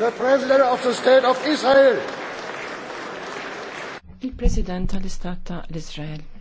the President of the State of Israel. Il-President tal-Istat ta' l israel